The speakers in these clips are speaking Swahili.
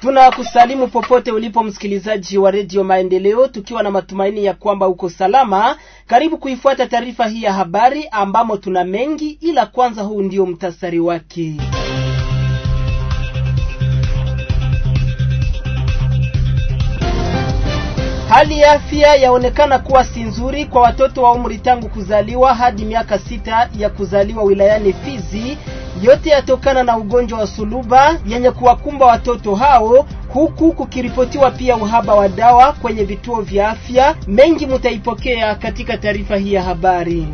Tunakusalimu popote ulipo msikilizaji wa redio Maendeleo, tukiwa na matumaini ya kwamba uko salama. Karibu kuifuata taarifa hii ya habari ambamo tuna mengi, ila kwanza huu ndio mtasari wake. Hali ya afya yaonekana kuwa si nzuri kwa watoto wa umri tangu kuzaliwa hadi miaka sita ya kuzaliwa wilayani Fizi yote yatokana na ugonjwa wa suluba yenye kuwakumba watoto hao, huku kukiripotiwa pia uhaba wa dawa kwenye vituo vya afya. Mengi mutaipokea katika taarifa hii ya habari.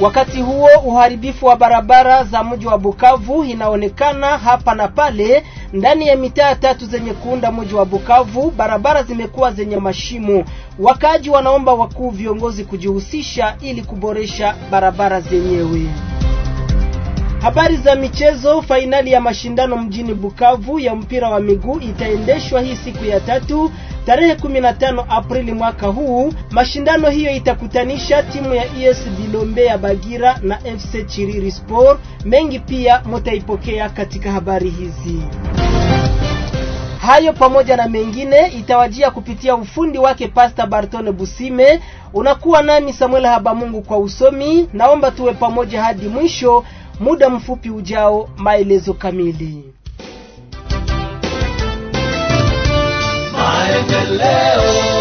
Wakati huo uharibifu wa barabara za mji wa Bukavu inaonekana hapa na pale. Ndani ya mitaa tatu zenye kuunda mji wa Bukavu, barabara zimekuwa zenye mashimo. Wakaaji wanaomba wakuu viongozi kujihusisha ili kuboresha barabara zenyewe. Habari za michezo. Fainali ya mashindano mjini Bukavu ya mpira wa miguu itaendeshwa hii siku ya tatu tarehe 15 Aprili mwaka huu. Mashindano hiyo itakutanisha timu ya ES Bilombe ya Bagira na FC Chiriri Sport. Mengi pia mutaipokea katika habari hizi. Hayo pamoja na mengine itawajia kupitia ufundi wake Pasta Bartone Busime. Unakuwa nami Samuel Habamungu kwa usomi. Naomba tuwe pamoja hadi mwisho muda mfupi ujao maelezo kamili. Maendeleo.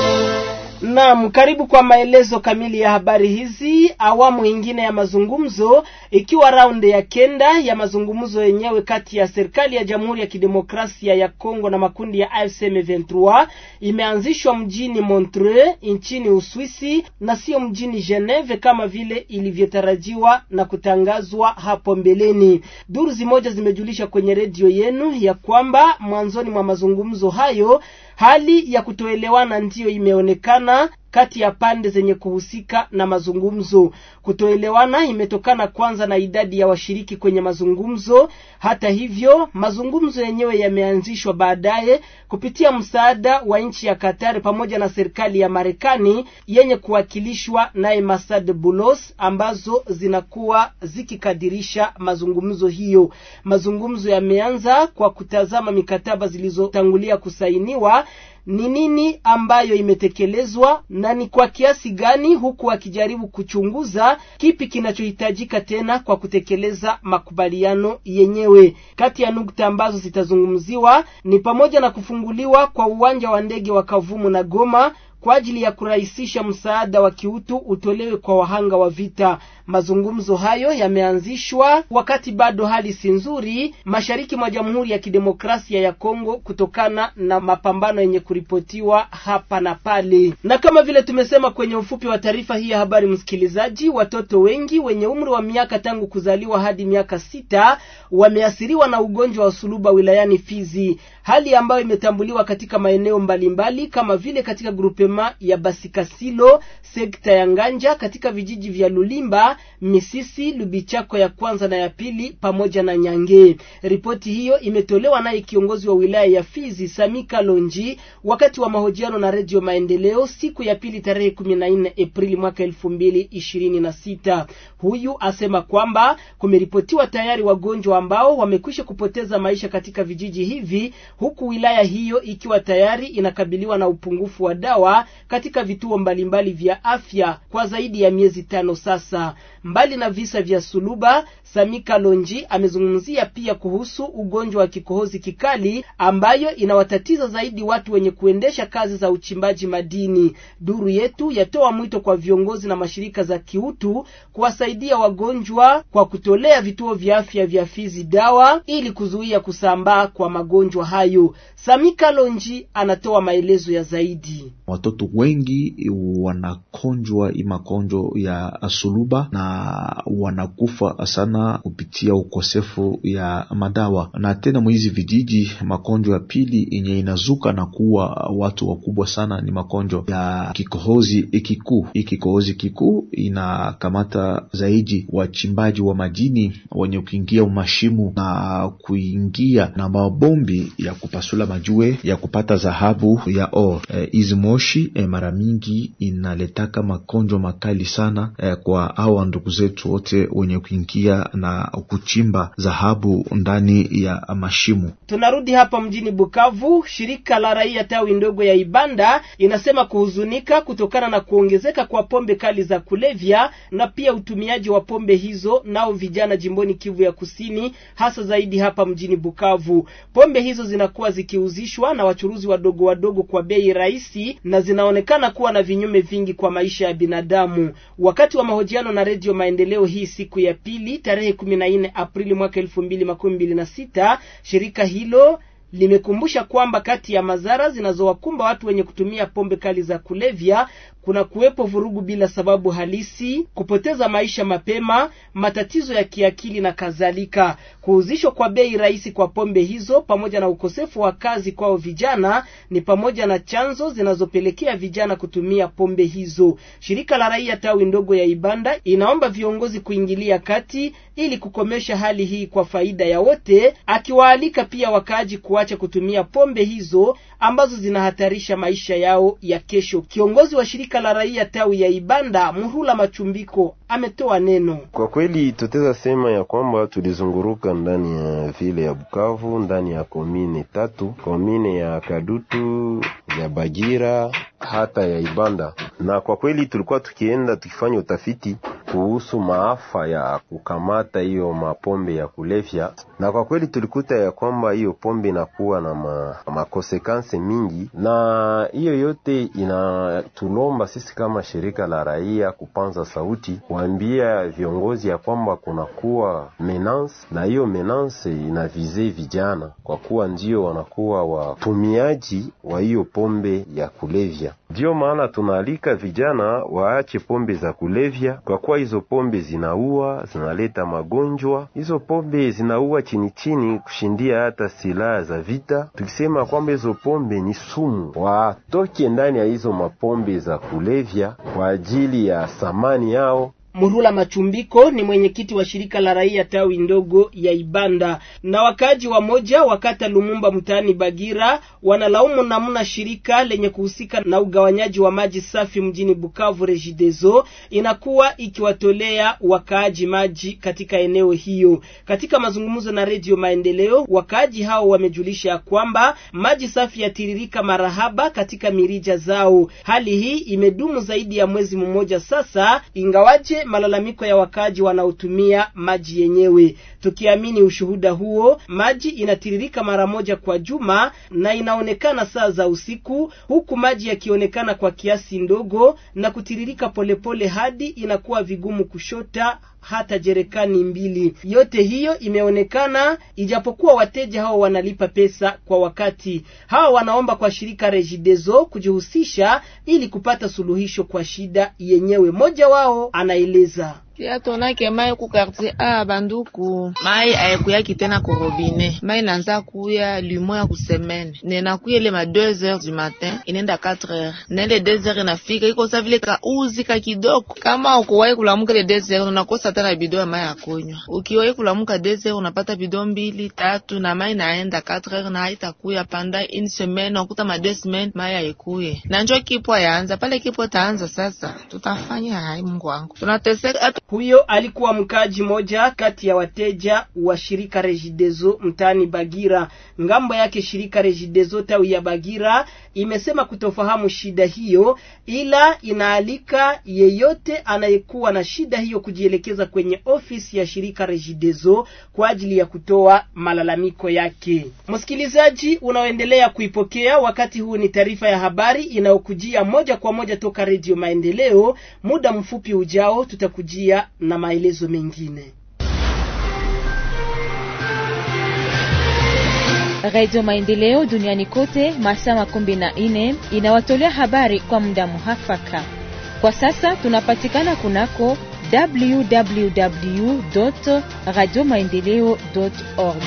Naam, karibu kwa maelezo kamili ya habari hizi. Awamu ingine ya mazungumzo ikiwa raundi ya kenda ya mazungumzo yenyewe kati ya serikali ya Jamhuri ya Kidemokrasia ya Kongo na makundi ya AFC M23 imeanzishwa mjini Montreux nchini Uswisi na sio mjini Geneve kama vile ilivyotarajiwa na kutangazwa hapo mbeleni. Duru zimoja zimejulisha kwenye redio yenu ya kwamba mwanzoni mwa mazungumzo hayo hali ya kutoelewana ndiyo imeonekana kati ya pande zenye kuhusika na mazungumzo. Kutoelewana imetokana kwanza na idadi ya washiriki kwenye mazungumzo. Hata hivyo, mazungumzo yenyewe yameanzishwa baadaye kupitia msaada wa nchi ya Qatar pamoja na serikali ya Marekani yenye kuwakilishwa naye Masad Bulos, ambazo zinakuwa zikikadirisha mazungumzo hiyo. Mazungumzo yameanza kwa kutazama mikataba zilizotangulia kusainiwa ni nini ambayo imetekelezwa na ni kwa kiasi gani, huku akijaribu kuchunguza kipi kinachohitajika tena kwa kutekeleza makubaliano yenyewe. Kati ya nukta ambazo zitazungumziwa ni pamoja na kufunguliwa kwa uwanja wa ndege wa Kavumu na Goma kwa ajili ya kurahisisha msaada wa kiutu utolewe kwa wahanga wa vita. Mazungumzo hayo yameanzishwa wakati bado hali si nzuri mashariki mwa Jamhuri ya Kidemokrasia ya Kongo kutokana na mapambano yenye kuripotiwa hapa na pale. Na kama vile tumesema kwenye ufupi wa taarifa hii ya habari, msikilizaji, watoto wengi wenye umri wa miaka tangu kuzaliwa hadi miaka sita wameathiriwa na ugonjwa wa suluba wilayani Fizi hali ambayo imetambuliwa katika maeneo mbalimbali mbali, kama vile katika grupema ya Basikasilo sekta ya Nganja katika vijiji vya Lulimba, Misisi, Lubichako ya kwanza na ya pili pamoja na Nyange. Ripoti hiyo imetolewa naye kiongozi wa wilaya ya Fizi Samika Lonji, wakati wa mahojiano na Redio Maendeleo siku ya pili tarehe 14 Aprili mwaka 2026. Huyu asema kwamba kumeripotiwa tayari wagonjwa ambao wamekwisha kupoteza maisha katika vijiji hivi huku wilaya hiyo ikiwa tayari inakabiliwa na upungufu wa dawa katika vituo mbalimbali vya afya kwa zaidi ya miezi tano sasa. Mbali na visa vya suluba, samika lonji amezungumzia pia kuhusu ugonjwa wa kikohozi kikali ambayo inawatatiza zaidi watu wenye kuendesha kazi za uchimbaji madini. Duru yetu yatoa mwito kwa viongozi na mashirika za kiutu kuwasaidia wagonjwa kwa kutolea vituo vya afya vya Fizi dawa ili kuzuia kusambaa kwa magonjwa haya hayo. Samika Lonji anatoa maelezo ya zaidi. Watoto wengi wanakonjwa imakonjo ya asuluba na wanakufa sana kupitia ukosefu ya madawa, na tena mwizi vijiji, makonjwa ya pili yenye inazuka na kuwa watu wakubwa sana ni makonjwa ya kikohozi kikuu. Hii kikohozi kikuu inakamata zaidi wachimbaji wa madini wenye kuingia umashimu na kuingia na mabombi ya kupasula majue ya kupata dhahabu ya or. Hizi eh, e, moshi e, eh, mara mingi inaletaka makonjwa makali sana e, kwa awa ndugu zetu wote wenye kuingia na kuchimba dhahabu ndani ya mashimu Tunarudi hapa mjini Bukavu, shirika la raia tawi ndogo ya Ibanda inasema kuhuzunika kutokana na kuongezeka kwa pombe kali za kulevya na pia utumiaji wa pombe hizo nao vijana jimboni Kivu ya Kusini, hasa zaidi hapa mjini Bukavu. Pombe hizo zina zinakuwa zikiuzishwa na wachuruzi wadogo wadogo kwa bei rahisi na zinaonekana kuwa na vinyume vingi kwa maisha ya binadamu. Wakati wa mahojiano na Redio Maendeleo hii siku ya pili tarehe 14 Aprili mwaka 2026 shirika hilo limekumbusha kwamba kati ya madhara zinazowakumba watu wenye kutumia pombe kali za kulevya kuna kuwepo vurugu bila sababu halisi, kupoteza maisha mapema, matatizo ya kiakili na kadhalika. Kuuzishwa kwa bei rahisi kwa pombe hizo pamoja na ukosefu wa kazi kwao vijana ni pamoja na chanzo zinazopelekea vijana kutumia pombe hizo. Shirika la raia tawi ndogo ya Ibanda inaomba viongozi kuingilia kati ili kukomesha hali hii kwa faida ya wote, akiwaalika pia wakaaji kuacha kutumia pombe hizo ambazo zinahatarisha maisha yao ya kesho. Kiongozi wa shirika la raia tawi ya Ibanda Murula Machumbiko ametoa neno. Kwa kweli tuteza sema ya kwamba tulizunguruka ndani ya vile ya Bukavu, ndani ya komine tatu, komine ya Kadutu, ya Bagira hata ya Ibanda, na kwa kweli tulikuwa tukienda tukifanya utafiti kuhusu maafa ya kukamata hiyo mapombe ya kulevya, na kwa kweli tulikuta ya kwamba hiyo pombe inakuwa na ma, makosekanse mingi, na hiyo yote inatulomba sisi kama shirika la raia kupanza sauti kuambia viongozi ya kwamba kunakuwa menance, na hiyo menance inavize vijana kwa kuwa ndio wanakuwa watumiaji wa hiyo pombe ya kulevya. Ndiyo maana tunaalika vijana waache pombe za kulevya kwa kuwa hizo pombe zinaua, zinaleta magonjwa. Hizo pombe zinaua chini chini kushindia hata silaha za vita, tukisema kwamba hizo pombe ni sumu. Watoke ndani ya hizo mapombe za kulevya kwa ajili ya samani yao Murula Machumbiko ni mwenyekiti wa shirika la raia tawi ndogo ya Ibanda. Na wakaaji wa moja wakata Lumumba mtaani Bagira wanalaumu namna shirika lenye kuhusika na ugawanyaji wa maji safi mjini Bukavu Regideso inakuwa ikiwatolea wakaaji maji katika eneo hiyo. Katika mazungumzo na Redio Maendeleo, wakaaji hao wamejulisha ya kwamba maji safi yatiririka marahaba katika mirija zao. Hali hii imedumu zaidi ya mwezi mmoja sasa, ingawaje malalamiko ya wakaji wanaotumia maji yenyewe. Tukiamini ushuhuda huo, maji inatiririka mara moja kwa juma na inaonekana saa za usiku, huku maji yakionekana kwa kiasi ndogo na kutiririka polepole pole hadi inakuwa vigumu kushota hata jerekani mbili. Yote hiyo imeonekana, ijapokuwa wateja hao wanalipa pesa kwa wakati. Hawa wanaomba kwa shirika Regideso kujihusisha ili kupata suluhisho kwa shida yenyewe. Mmoja wao anaeleza Tia mai ku quartier a Banduku, mai ayekuyaki tena korobine, mai nanza kuya limoya ku semaine, nena kuya ile ma 2 heures du matin inenda e 4 heures, nende 2 heures inafika iko sa vile ka uzi ka kidogo. Kama ukuwahi kulamuka ile 2 heures unakosa tena bidon ya mai ya kunywa, ukiwahi kulamuka 2 heures unapata bidon mbili tatu, na mai naenda 4 heures na haitakuya panda une semaine, unakuta ma 2 semaine mai ayekuye, na kipwa yaanza pale, kipwa taanza sasa, tutafanya hai, Mungu wangu tunateseka huyo alikuwa mkaji moja kati ya wateja wa shirika Regideso mtaani Bagira. Ngambo yake shirika Regideso tawi ya Bagira imesema kutofahamu shida hiyo, ila inaalika yeyote anayekuwa na shida hiyo kujielekeza kwenye ofisi ya shirika Regideso kwa ajili ya kutoa malalamiko yake. Msikilizaji unaoendelea kuipokea wakati huu, ni taarifa ya habari inayokujia moja kwa moja toka Radio Maendeleo. Muda mfupi ujao tutakujia pamoja na maelezo mengine. Radio Maendeleo duniani kote masaa makumi na inawatolea habari kwa muda muhafaka. Kwa sasa tunapatikana kunako www radio maendeleo org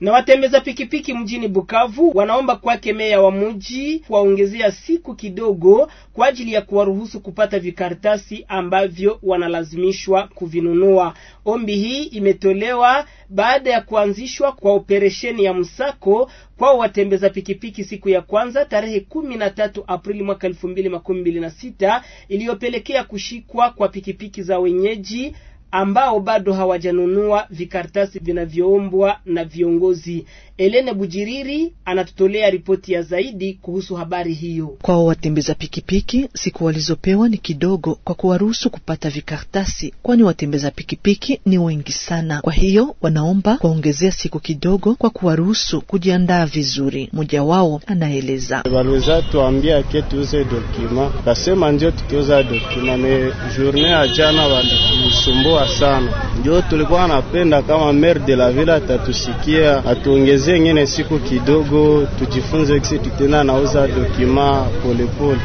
na watembeza pikipiki mjini Bukavu wanaomba kwake meya wa mji kuwaongezea siku kidogo kwa ajili ya kuwaruhusu kupata vikaratasi ambavyo wanalazimishwa kuvinunua. Ombi hii imetolewa baada ya kuanzishwa kwa operesheni ya msako kwao watembeza pikipiki siku ya kwanza tarehe kumi na tatu Aprili mwaka elfu mbili makumi mbili na sita iliyopelekea kushikwa kwa pikipiki za wenyeji ambao bado hawajanunua vikaratasi vinavyoombwa na viongozi. Elene Bujiriri anatutolea ripoti ya zaidi kuhusu habari hiyo. Kwa watembeza pikipiki, siku walizopewa ni kidogo kwa kuwaruhusu kupata vikaratasi, kwani watembeza pikipiki ni wengi sana. Kwa hiyo wanaomba kuwaongezea siku kidogo kwa kuwaruhusu kujiandaa vizuri. Mmoja wao anaeleza: waliweza tuambia ke tuuze dokima, kasema ndio tukiuza dokima ni journe ya jana inatusumbua sana, ndio tulikuwa anapenda kama maire de la ville atatusikia, atuongezee ngine siku kidogo, tujifunze kisi tena, anauza dokima polepole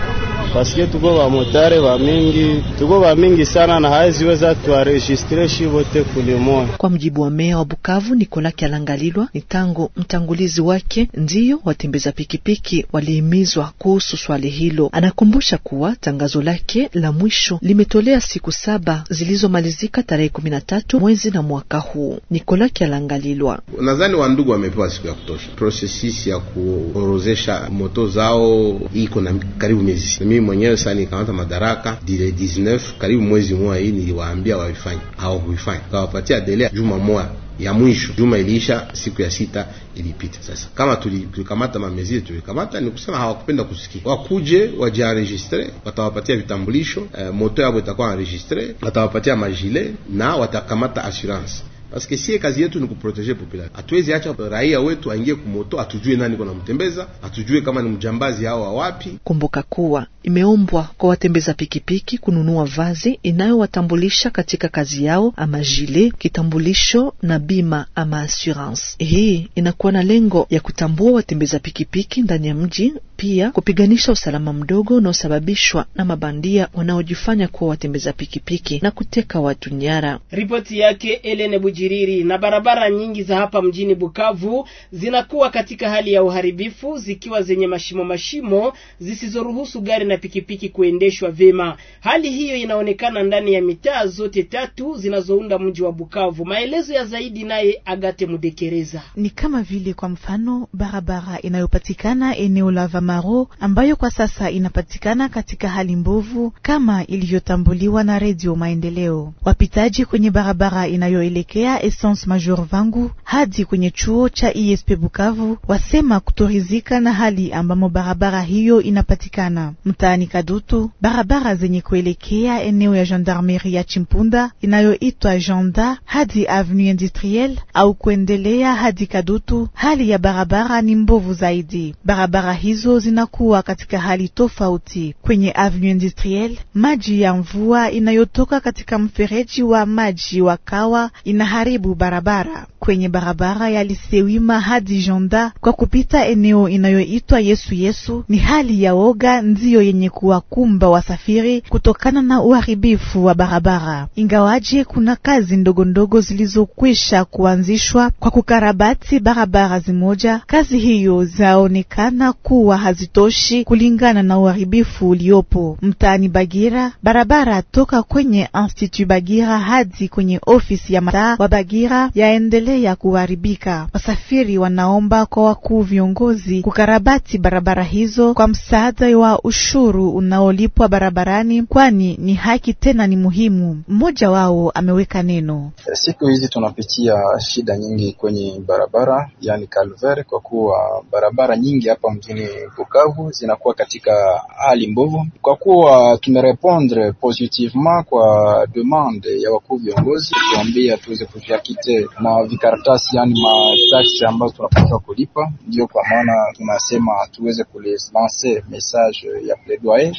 paske tuko bamotare bamingi, tuko bamingi sana na haziweza tuaregistre shi wote kulimoya. Kwa mjibu wa meya wa Bukavu Nikola Kyalangalilwa, ni tangu mtangulizi wake ndiyo watembeza pikipiki walihimizwa kuhusu swali hilo. Anakumbusha kuwa tangazo lake la mwisho limetolea siku saba zilizomalizika tarehe kumi na tatu mwezi na mwaka huu. Nikola Kyalangalilwa: nadhani wandugu wamepewa siku ya kutosha. prosesisi ya kuorozesha moto zao iko na karibu miezi mi mwenyewe sasa nikaanza madaraka dile 19 karibu mwezi mmoja hii, niliwaambia au hawakuvifanya. Kawapatia delea juma moja ya mwisho, juma iliisha, siku ya sita ilipita. Sasa kama tulikamata mamezile tulikamata, ni kusema hawakupenda kusikia. Wakuje wajienregistre, watawapatia vitambulisho e, moto yabo itakuwa enregistre, watawapatia majile na watakamata assurance Paske sie kazi yetu ni kuproteje population. Hatuwezi acha raia wetu aingie kumoto, atujue nani kuna mtembeza, atujue kama ni mjambazi hao awapi. Kumbuka kuwa imeombwa kwa watembeza pikipiki kununua vazi inayowatambulisha katika kazi yao, ama jile, kitambulisho na bima ama assurance. Hii inakuwa na lengo ya kutambua watembeza pikipiki ndani ya mji, pia kupiganisha usalama mdogo unaosababishwa na mabandia wanaojifanya kuwa watembeza pikipiki na kuteka watu nyara. Ripoti yake Elene Buji kujiriri na barabara nyingi za hapa mjini Bukavu zinakuwa katika hali ya uharibifu zikiwa zenye mashimo mashimo zisizoruhusu gari na pikipiki kuendeshwa vyema. Hali hiyo inaonekana ndani ya mitaa zote tatu zinazounda mji wa Bukavu. Maelezo ya zaidi naye Agate Mudekereza. Ni kama vile kwa mfano barabara inayopatikana eneo la Vamaro ambayo kwa sasa inapatikana katika hali mbovu kama ilivyotambuliwa na Redio Maendeleo. Wapitaji kwenye barabara inayoelekea ya Essence Major Vangu hadi kwenye chuo cha ISP e Bukavu wasema kutorizika na hali ambamo barabara hiyo inapatikana mtaani Kadutu. Barabara zenye kuelekea eneo ya gendarmerie ya Chimpunda inayoitwa Janda hadi avenue industrielle au kuendelea hadi Kadutu, hali ya barabara ni mbovu zaidi. Barabara hizo zinakuwa katika hali tofauti. Kwenye avenue industrielle, maji ya mvua inayotoka katika mfereji wa maji wa Kawa ina kuharibu barabara kwenye barabara ya Lisewima hadi Jonda kwa kupita eneo inayoitwa Yesu Yesu. Ni hali ya woga ndiyo yenye kuwakumba wasafiri kutokana na uharibifu wa barabara, ingawaje kuna kazi ndogondogo zilizokwisha kuanzishwa kwa kukarabati barabara zimoja. Kazi hiyo zaonekana kuwa hazitoshi kulingana na uharibifu uliopo mtaani Bagira. Barabara toka kwenye Institut Bagira hadi kwenye ofisi ya mtaa wa Bagira yaendelea kuharibika. Wasafiri wanaomba kwa wakuu viongozi kukarabati barabara hizo kwa msaada wa ushuru unaolipwa barabarani, kwani ni haki tena ni muhimu. Mmoja wao ameweka neno: siku hizi tunapitia shida nyingi kwenye barabara, yani kalver, kwa kuwa barabara nyingi hapa mjini Bukavu zinakuwa katika hali mbovu, kwa kuwa tumerepondre positivement kwa demande ya wakuu viongozi kuambia tuweze vya kite na vikaratasi, yani mataksi ambazo tunapaswa kulipa. Ndio kwa maana tunasema tuweze kulanse message ya plaidoyer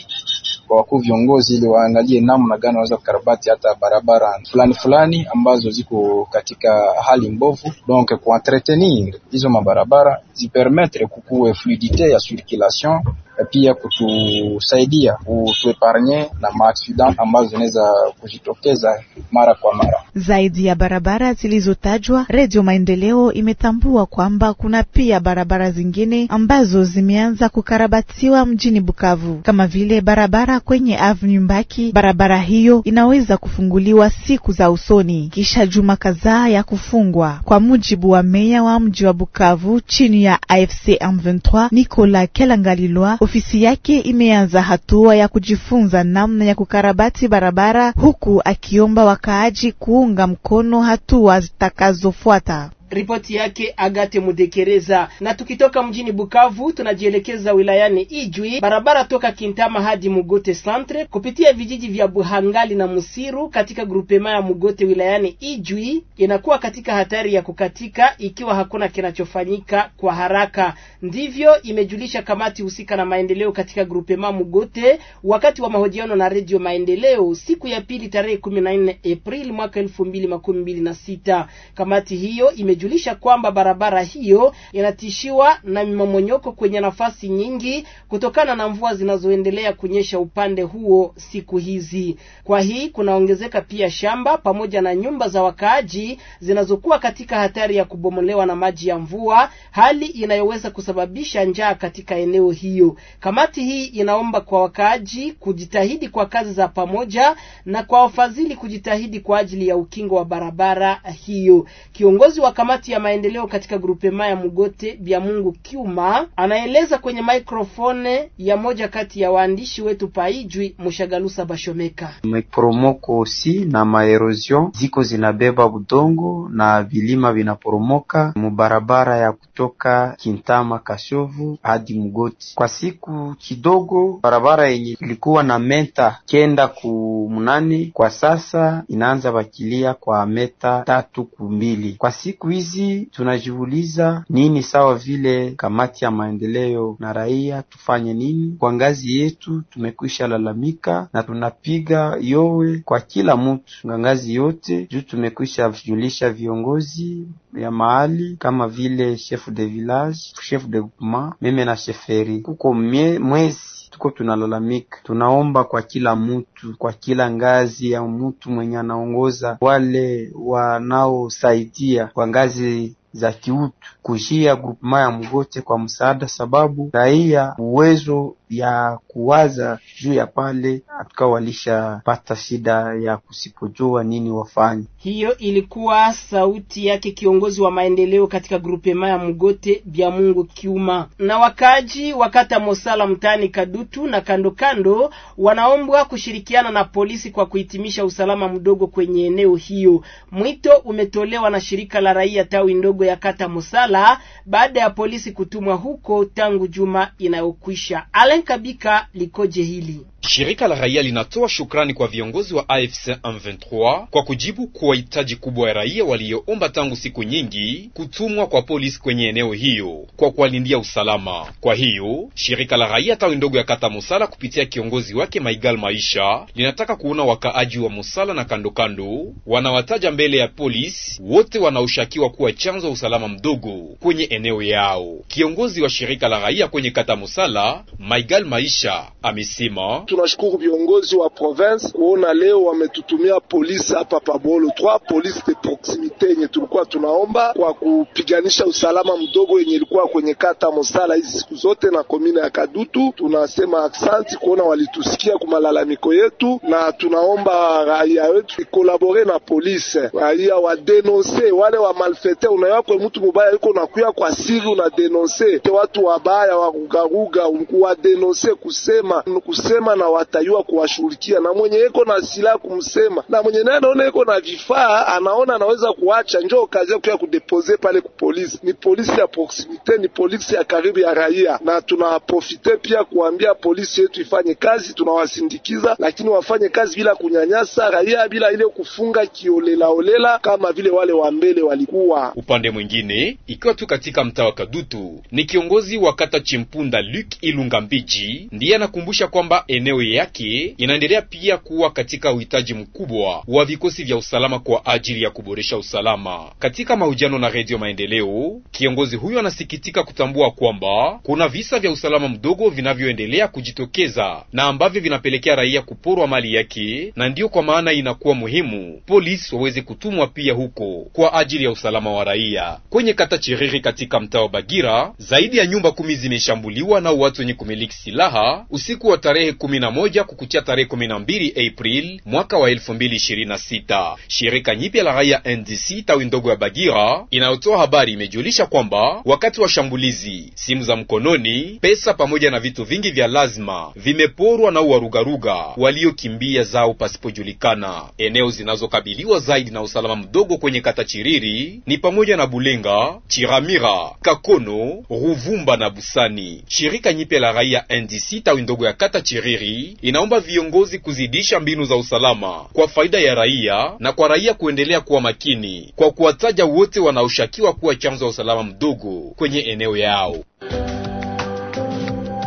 kwa wakuu viongozi, ili waangalie namna gani wanaweza kukarabati hata barabara fulani fulani ambazo ziko katika hali mbovu, donc kuentretenir hizo mabarabara zipermettre kukuwe fluidite ya circulation pia kutusaidia kutueparnye na maaksida ambazo zinaweza kujitokeza mara kwa mara. Zaidi ya barabara zilizotajwa, Redio Maendeleo imetambua kwamba kuna pia barabara zingine ambazo zimeanza kukarabatiwa mjini Bukavu kama vile barabara kwenye Avenue Mbaki. Barabara hiyo inaweza kufunguliwa siku za usoni kisha juma kadhaa ya kufungwa, kwa mujibu wa meya wa mji wa Bukavu chini ya AFC M23 Nicolas Kelangalilwa ofisi yake imeanza hatua ya kujifunza namna ya kukarabati barabara, huku akiomba wakaaji kuunga mkono hatua zitakazofuata. Ripoti yake Agate Mudekereza. Na tukitoka mjini Bukavu tunajielekeza wilayani Ijwi. Barabara toka Kintama hadi Mugote Centre kupitia vijiji vya Buhangali na Musiru katika grupema ya Mugote wilayani Ijwi inakuwa katika hatari ya kukatika ikiwa hakuna kinachofanyika kwa haraka. Ndivyo imejulisha kamati husika na maendeleo katika grupema Mugote wakati wa mahojiano na Redio Maendeleo siku ya pili tarehe 14 Aprili mwaka 2026. Kamati hiyo ime kujulisha kwamba barabara hiyo inatishiwa na mmomonyoko kwenye nafasi nyingi kutokana na mvua zinazoendelea kunyesha upande huo siku hizi. Kwa hii kunaongezeka pia shamba pamoja na nyumba za wakaaji zinazokuwa katika hatari ya kubomolewa na maji ya mvua, hali inayoweza kusababisha njaa katika eneo hiyo. Kamati hii inaomba kwa wakaaji kujitahidi kwa kazi za pamoja na kwa wafadhili kujitahidi kwa ajili ya ukingo wa barabara hiyo. Kiongozi wa kamati kamati ya maendeleo katika grupema ya Mugote bya Mungu Kiuma anaeleza kwenye mikrofone ya moja kati ya waandishi wetu paijwi Mushagalusa Bashomeka. Miporomoko si na maerosion ziko zinabeba budongo na vilima vinaporomoka mubarabara ya kutoka Kintama Kashovu hadi Mugoti. Kwa siku kidogo, barabara yenye ilikuwa na meta kenda ku mnane kwa sasa inaanza bakilia kwa meta tatu kumbili kwa siku hizi tunajiuliza nini, sawa vile kamati ya maendeleo na raia, tufanye nini kwa ngazi yetu? Tumekwisha lalamika na tunapiga yowe kwa kila mtu kwa ngazi yote, juu tumekwisha julisha viongozi ya mahali kama vile chef de village, chef de groupement, meme na sheferi, kuko mwezi tuko tunalalamika, tunaomba kwa kila mtu, kwa kila ngazi ya mtu mwenye anaongoza, wale wanaosaidia kwa ngazi za kiutu, kushia grupema ya mgote kwa msaada, sababu raia uwezo ya kuwaza juu ya pale atuka walishapata shida ya kusipojua nini wafanye. Hiyo ilikuwa sauti yake kiongozi wa maendeleo katika grupema ya Mgote bya Mungu Kiuma. Na wakaji wakata Mosala mtaani Kadutu na kando kando wanaombwa kushirikiana na polisi kwa kuhitimisha usalama mdogo kwenye eneo hiyo. Mwito umetolewa na shirika la raia tawi ndogo ya kata Mosala baada ya polisi kutumwa huko tangu juma inayokwisha. Ale kabika likoje hili? Shirika la raia linatoa shukrani kwa viongozi wa AFC M23 kwa kujibu kwa hitaji kubwa ya raia walioomba tangu siku nyingi kutumwa kwa polisi kwenye eneo hiyo kwa kuwalindia usalama. Kwa hiyo shirika la raia tawi ndogo ya kata Musala kupitia kiongozi wake Maigal Maisha linataka kuona wakaaji wa Musala na kandokando wanawataja mbele ya polisi wote wanaoshakiwa kuwa chanzo wa usalama mdogo kwenye eneo yao. Kiongozi wa shirika la raia kwenye kata Musala Maigal Maisha amesema tunashukuru viongozi wa province kuona leo wametutumia polisi hapa Pabolo 3 polisi de proximite yenye tulikuwa tunaomba kwa kupiganisha usalama mdogo yenye ilikuwa kwenye kata Mosala hizi siku zote na komina ya Kadutu. Tunasema aksanti kuona walitusikia kumalalamiko yetu, na tunaomba raia wetu ikolabore na polisi, raia wadenonse wale wa malfete. Unayakwe mtu mubaya yuko nakuya kwa siri, unadenonse watu wabaya warugaruga, wadenonse kusema kusema na watayua kuwashughulikia, na mwenye eko na silaha kumsema, na mwenye naye anaona eko na vifaa, anaona anaweza kuacha. njo kazi ya kuya kudepose pale ku polisi, ni polisi ya proximite, ni polisi ya karibu ya raia, na tunaprofite pia kuambia polisi yetu ifanye kazi, tunawasindikiza, lakini wafanye kazi bila kunyanyasa raia, bila ile kufunga kiolelaolela kama vile wale wa mbele walikuwa. Upande mwingine, ikiwa tu katika mtaa wa Kadutu, ni kiongozi wa kata Chimpunda Luke Ilunga Mbiji ndiye anakumbusha kwamba eneo maeneo yake inaendelea pia kuwa katika uhitaji mkubwa wa vikosi vya usalama kwa ajili ya kuboresha usalama. Katika mahojiano na Redio Maendeleo, kiongozi huyo anasikitika kutambua kwamba kuna visa vya usalama mdogo vinavyoendelea kujitokeza na ambavyo vinapelekea raia kuporwa mali yake, na ndiyo kwa maana inakuwa muhimu polisi waweze kutumwa pia huko kwa ajili ya usalama wa raia. Kwenye kata Chiriri katika mtaa wa Bagira, zaidi ya nyumba kumi zimeshambuliwa na watu wenye kumiliki silaha usiku wa tarehe kumi 11 kukuchia tarehe 12 April mwaka wa 2026. Shirika nyipya la raia NDC tawi ndogo ya Bagira inayotoa habari imejulisha kwamba wakati wa shambulizi, simu za mkononi, pesa pamoja na vitu vingi vya lazima vimeporwa na warugaruga waliokimbia zao pasipojulikana. Eneo zinazokabiliwa zaidi na usalama mdogo kwenye kata Chiriri ni pamoja na Bulenga, Chiramira, Kakono, Ruvumba na Busani. Shirika nyipya la raia NDC tawi ndogo ya kata Chiriri hii inaomba viongozi kuzidisha mbinu za usalama kwa faida ya raia na kwa raia kuendelea kuwa makini kwa kuwataja wote wanaoshakiwa kuwa chanzo ya usalama mdogo kwenye eneo yao.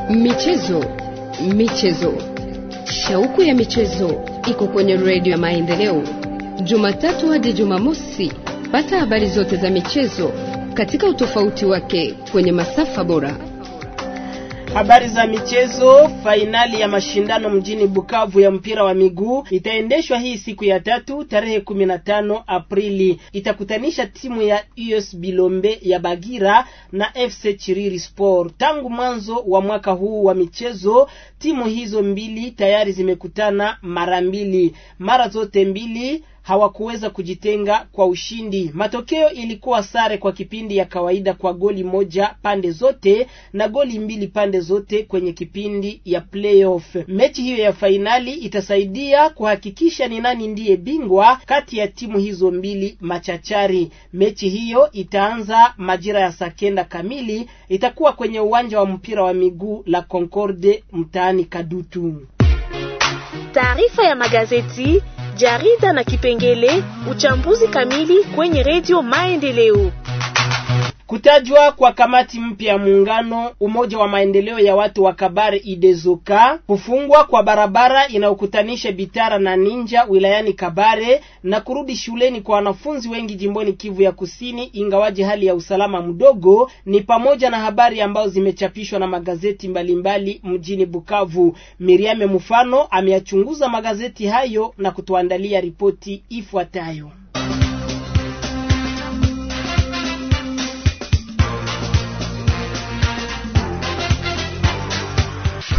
Michezo, michezo, shauku ya michezo iko kwenye redio ya Maendeleo, Jumatatu hadi Jumamosi. Pata habari zote za michezo katika utofauti wake kwenye masafa bora. Habari za michezo. Fainali ya mashindano mjini Bukavu ya mpira wa miguu itaendeshwa hii siku ya tatu tarehe 15 Aprili, itakutanisha timu ya US Bilombe ya Bagira na FC Chiriri Sport. Tangu mwanzo wa mwaka huu wa michezo, timu hizo mbili tayari zimekutana mara mbili, mara zote mbili hawakuweza kujitenga kwa ushindi. Matokeo ilikuwa sare kwa kipindi ya kawaida kwa goli moja pande zote na goli mbili pande zote kwenye kipindi ya playoff. Mechi hiyo ya fainali itasaidia kuhakikisha ni nani ndiye bingwa kati ya timu hizo mbili machachari. Mechi hiyo itaanza majira ya saa kenda kamili, itakuwa kwenye uwanja wa mpira wa miguu la Concorde mtaani Kadutu. Taarifa ya magazeti jarida na kipengele uchambuzi kamili kwenye redio Maendeleo. Kutajwa kwa kamati mpya ya muungano umoja wa maendeleo ya watu wa Kabare Idezoka, kufungwa kwa barabara inayokutanisha Bitara na Ninja wilayani Kabare na kurudi shuleni kwa wanafunzi wengi jimboni Kivu ya Kusini, ingawaji hali ya usalama mdogo, ni pamoja na habari ambazo zimechapishwa na magazeti mbalimbali mbali mjini Bukavu. Miriame Mufano ameyachunguza magazeti hayo na kutuandalia ripoti ifuatayo.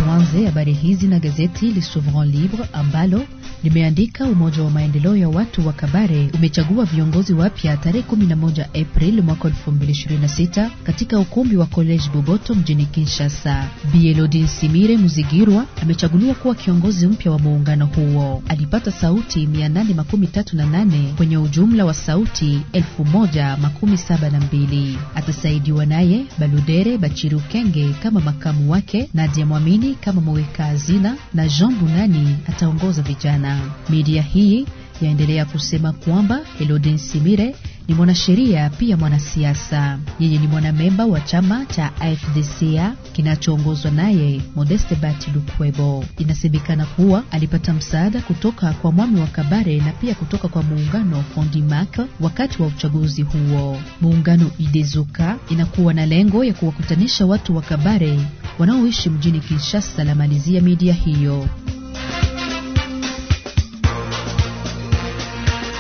Tuanze habari hizi na gazeti Le Souverain Libre ambalo limeandika Umoja wa Maendeleo ya Watu wa Kabare umechagua viongozi wapya tarehe 11 Aprili mwaka 2026 katika ukumbi wa College Boboto mjini Kinshasa. Bielodin Simire Muzigirwa amechaguliwa kuwa kiongozi mpya wa muungano huo. Alipata sauti 838 kwenye ujumla wa sauti 1072. Atasaidiwa naye Baludere Kenge kama makamu wake, Nadia Mwamini kama mweka hazina na Jean Bunani ataongoza vijana. Media hii yaendelea kusema kwamba Elodin Simire ni mwanasheria pia mwanasiasa. Yeye ni mwanamemba wa chama cha afdc kinachoongozwa naye Modeste bat Lukwebo. Inasemekana kuwa alipata msaada kutoka kwa mwami wa Kabare na pia kutoka kwa muungano Fondimak wakati wa uchaguzi huo. Muungano Idezuka inakuwa na lengo ya kuwakutanisha watu wa Kabare wanaoishi mjini Kinshasa, la malizia media hiyo.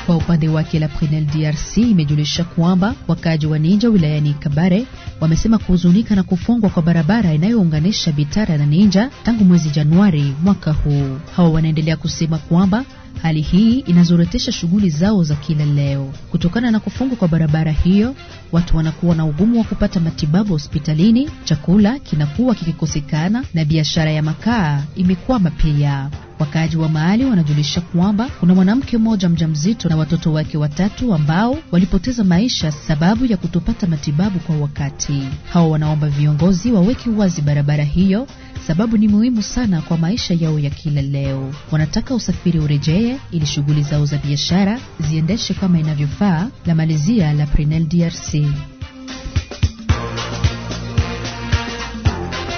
Kwa upande wake La Prunelle DRC imejulisha kwamba wakaaji wa Ninja wilayani Kabare wamesema kuhuzunika na kufungwa kwa barabara inayounganisha Bitara na Ninja tangu mwezi Januari mwaka huu. Hawa wanaendelea kusema kwamba Hali hii inazorotesha shughuli zao za kila leo. Kutokana na kufungwa kwa barabara hiyo, watu wanakuwa na ugumu wa kupata matibabu hospitalini, chakula kinakuwa kikikosekana na biashara ya makaa imekwama pia. Wakaaji wa mahali wanajulisha kwamba kuna mwanamke mmoja mjamzito na watoto wake watatu ambao walipoteza maisha sababu ya kutopata matibabu kwa wakati. Hao wanaomba viongozi waweke wazi barabara hiyo, sababu ni muhimu sana kwa maisha yao ya kila leo. Wanataka usafiri urejee Hatimaye ili shughuli zao za biashara ziendeshe kama inavyofaa, la malizia la Prenel DRC.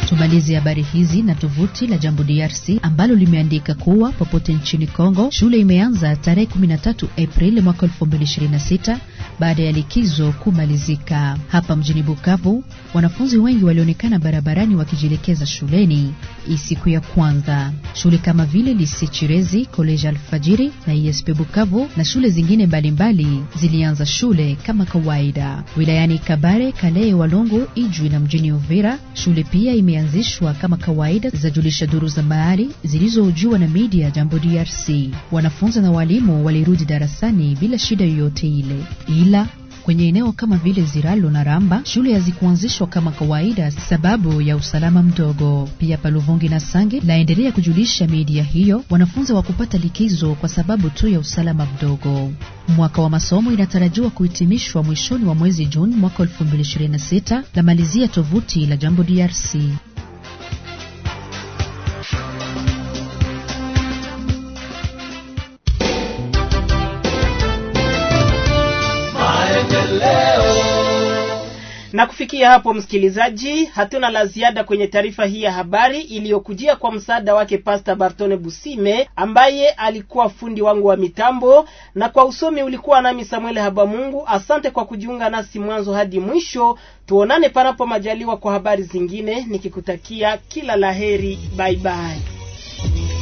tumalize habari hizi na tovuti la Jambo DRC ambalo limeandika kuwa popote nchini Kongo shule imeanza tarehe 13 Aprili mwaka 2026 baada ya likizo kumalizika. Hapa mjini Bukavu, wanafunzi wengi walionekana barabarani wakijielekeza shuleni siku ya kwanza. Shule kama vile Lise Chirezi, Koleji Alfajiri na ISP Bukavu na shule zingine mbalimbali zilianza shule kama kawaida. Wilayani Kabare, Kalee, Walongo, Ijwi na mjini Uvira, shule pia imeanzishwa kama kawaida, zajulisha duru za mahali zilizojua na media Jambo DRC. Wanafunzi na walimu walirudi darasani bila shida yoyote ile ila kwenye eneo kama vile Ziralo na Ramba shule hazikuanzishwa kama kawaida sababu ya usalama mdogo. Pia Paluvungi na Sange naendelea kujulisha media hiyo wanafunzi wa kupata likizo kwa sababu tu ya usalama mdogo. Mwaka wa masomo inatarajiwa kuhitimishwa mwishoni wa mwezi Juni mwaka 2026, la malizia tovuti la Jambo DRC. Na kufikia hapo, msikilizaji, hatuna la ziada kwenye taarifa hii ya habari iliyokujia kwa msaada wake Pasta Bartone Busime ambaye alikuwa fundi wangu wa mitambo, na kwa usomi ulikuwa nami Samuel Habamungu. Asante kwa kujiunga nasi mwanzo hadi mwisho. Tuonane panapo majaliwa kwa habari zingine, nikikutakia kila laheri. Bye bye.